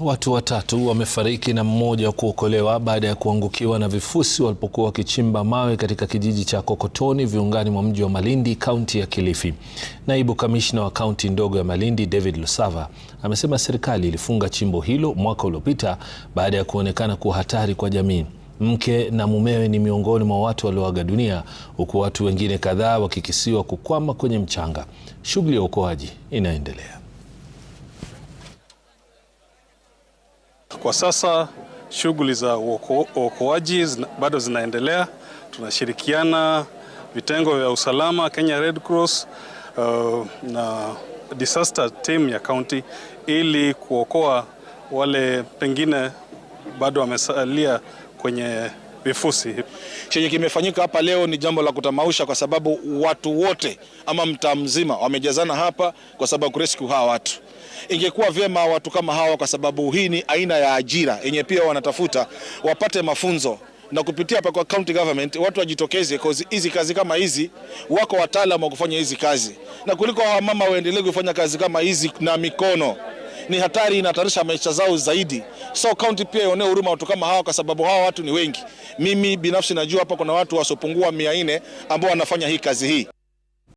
Watu watatu wamefariki na mmoja kuokolewa baada ya kuangukiwa na vifusi walipokuwa wakichimba mawe katika kijiji cha Kokotoni viungani mwa mji wa Malindi, kaunti ya Kilifi. Naibu kamishna wa kaunti ndogo ya Malindi, David Lusava, amesema serikali ilifunga chimbo hilo mwaka uliopita baada ya kuonekana kuwa hatari kwa jamii. Mke na mumewe ni miongoni mwa watu walioaga dunia huku watu wengine kadhaa wakikisiwa kukwama kwenye mchanga. Shughuli ya uokoaji inaendelea. Kwa sasa shughuli za uokoaji bado zinaendelea. Tunashirikiana vitengo vya usalama Kenya Red Cross uh, na disaster team ya county ili kuokoa wale pengine bado wamesalia kwenye vifusi. Chenye kimefanyika hapa leo ni jambo la kutamausha, kwa sababu watu wote ama mtaa mzima wamejazana hapa kwa sababu kurescue hawa watu. Ingekuwa vyema watu kama hawa, kwa sababu hii ni aina ya ajira yenye pia wanatafuta, wapate mafunzo na kupitia hapa kwa county government watu wajitokeze, cause hizi kazi kama hizi wako wataalamu wa kufanya hizi kazi, na kuliko hawa mama waendelee kufanya kazi kama hizi na mikono ni hatari, inahatarisha maisha zao zaidi. So kaunti pia ionee huruma watu kama hawa, kwa sababu hawa watu ni wengi. Mimi binafsi najua hapa kuna watu wasiopungua mia nne ambao wanafanya hii kazi hii.